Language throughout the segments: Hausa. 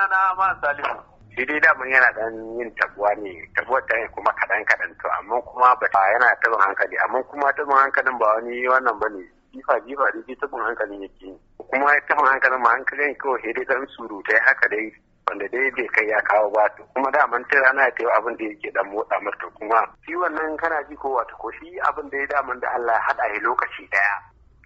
sunana ma salisu shi dai daman yana dan yin tabuwa ne tabuwar ta kuma kadan kadan to amma kuma ba yana tabin hankali amma kuma tabin hankalin ba wani wannan ne jifa jifa da ji tabin hankalin yake kuma tabin hankalin ma hankalin kawai sai dai dan surutai haka dai wanda dai bai kai ya kawo ba to kuma daman ta rana ta abin da yake dan motsa mata kuma shi wannan kana ji ko wata ko shi abin da ya daman da Allah ya hada shi lokaci daya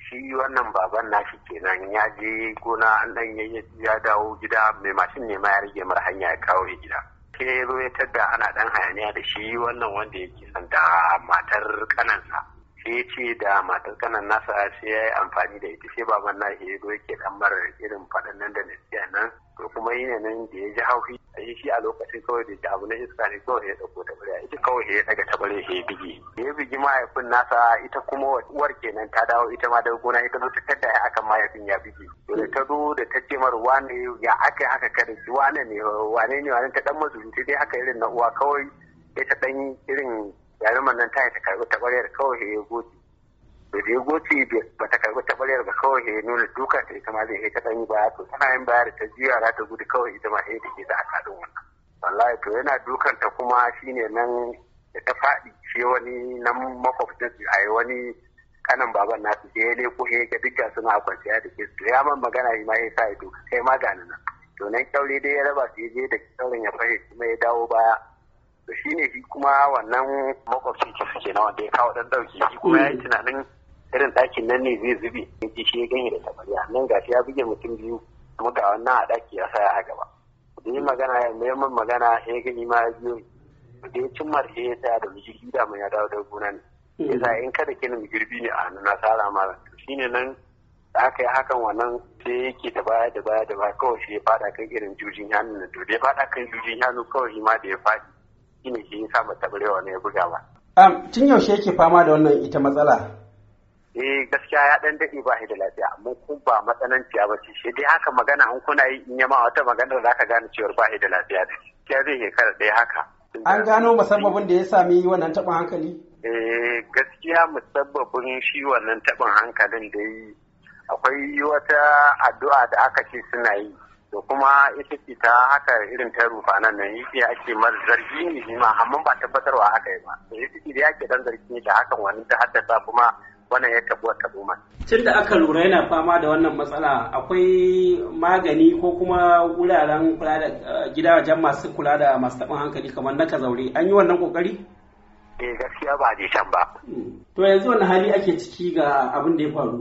shi wannan baban nashi kenan ya je gona an dan ya dawo gida mai mashin ne ma ya rage mara hanya ya kawo ya gida sai ya zo ya tadda ana dan hayaniya da shi wannan wanda yake san da matar kanansa sai ya ce da matar kanan nasa sai ya yi amfani da ita sai baban nashi ya zo yake dan mara irin faɗan nan da nasiya nan to kuma yi ne nan da ya ji haushi yi shi a lokacin kawai da abu na iska ne kawai ya dauko ta bare ita kawai ya daga ta bare ya bigi ya bigi mahaifin nasa ita kuma uwar kenan ta dawo ita ma daga gona ita zo ta kadda ya aka mahaifin ya bigi to ta zo da ta ce mar wane ya aka haka kada ki wane ne wane ne wane ta dan mazurunci dai haka irin na uwa kawai ita dan irin yarumar nan ta yi ta karɓi ta bare kawai ya goce da ya goce ba ta karbi tabaryar ba kawai ya nuna duka ta ita ma zai iya ta yi baya to tana yin baya da ta juya za ta gudu kawai ita ma sai da ke da aka wannan wallahi to yana dukan ta kuma shine nan da ta faɗi shi wani nan makwabcin su a yi wani kanan baban nasu su ya leko ya ga dukkan suna a kwanciya da ke to ya man magana shi ma ya sa ya duka kai ma ga nan to nan kyaure dai ya raba su ya je da kyaurin ya fashe kuma ya dawo baya to shi ne shi kuma wannan makwabci ke suke na wanda ya kawo dan dauki shi kuma ya yi tunanin irin ɗakin nan ne zai zube in ji shi ya ganye da tabariya nan gashi ya buge mutum biyu kuma ga wannan a ɗaki ya sa ya gaba da yi magana ya mai min magana ya eh, gani ma ya biyo eh, da ya cin marke ya saya da mijin gida mai ya dawo da gona ne hmm. ya sa in kada kenan girbi ne a hannu na sara ma shine nan da aka yi hakan wannan sai yake da baya da baya da baya kawai shi ya fada kan irin jujin hannu na to da ya fada kan jujin hannu kawai ma da ya fadi ne shi ya sa mata barewa ne ya buga ba. tun yaushe yake fama da wannan ita matsala eh gaskiya ya dan dade ba shi da lafiya amma kun ba matsananci ba ce shi dai haka magana in kuna yi in yama wata magana za ka gane cewa ba shi da lafiya da gaskiya zai shekara dai haka an gano musabbabin da ya sami wannan taɓin hankali eh gaskiya musabbabin shi wannan taɓin hankalin da yi akwai wata addu'a da aka ce suna yi To kuma ita ce ta haka irin ta rufa nan nan yake ake mar zargi ne ma amma ba tabbatarwa haka yi ba ita ce da yake dan zargi da hakan wani ta haddasa kuma wannan ya a tabu ma. tun da aka lura yana fama da wannan matsala akwai magani ko kuma wuraren kula da eh, gidajen masu kula da masu taɓin hankali kamar na kazaure an yi wannan kokari eh gaskiya ba a can ba hmm. to yanzu wani hali ake ciki ga abin da ya faru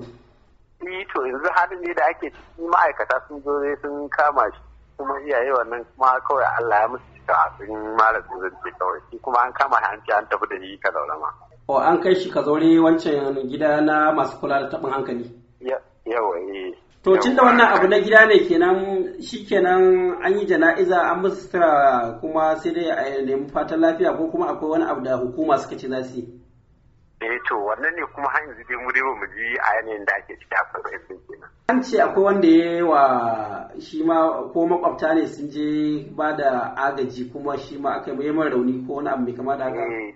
ni eh, to yanzu halin ne da ake ciki ma'aikata sun zo sun kama shi kuma iyaye wannan kuma kawai Allah ya musu cika a sun mara zuzunci kawai shi kuma an kama an ce an tafi da shi ka zaure ma o oh, an kai shi ka zaure wancan gida na masu kula da taɓin hankali yawa yi. Eh. to tun da wannan abu na gida ne kenan shi kenan an yi jana'iza an musu sutura kuma sai dai a nemi fatan lafiya ko kuma akwai wani abu da hukuma suka ci zasu yi eh to wannan ne kuma hanyar yanzu dai mu dai mu ji a yanayin da ake ciki akwai bayan kenan an ce akwai wanda ya wa shi ma ko makwabta ne sun je ba da agaji kuma shi ma aka yi mai rauni ko wani abu mai kama da haka eh.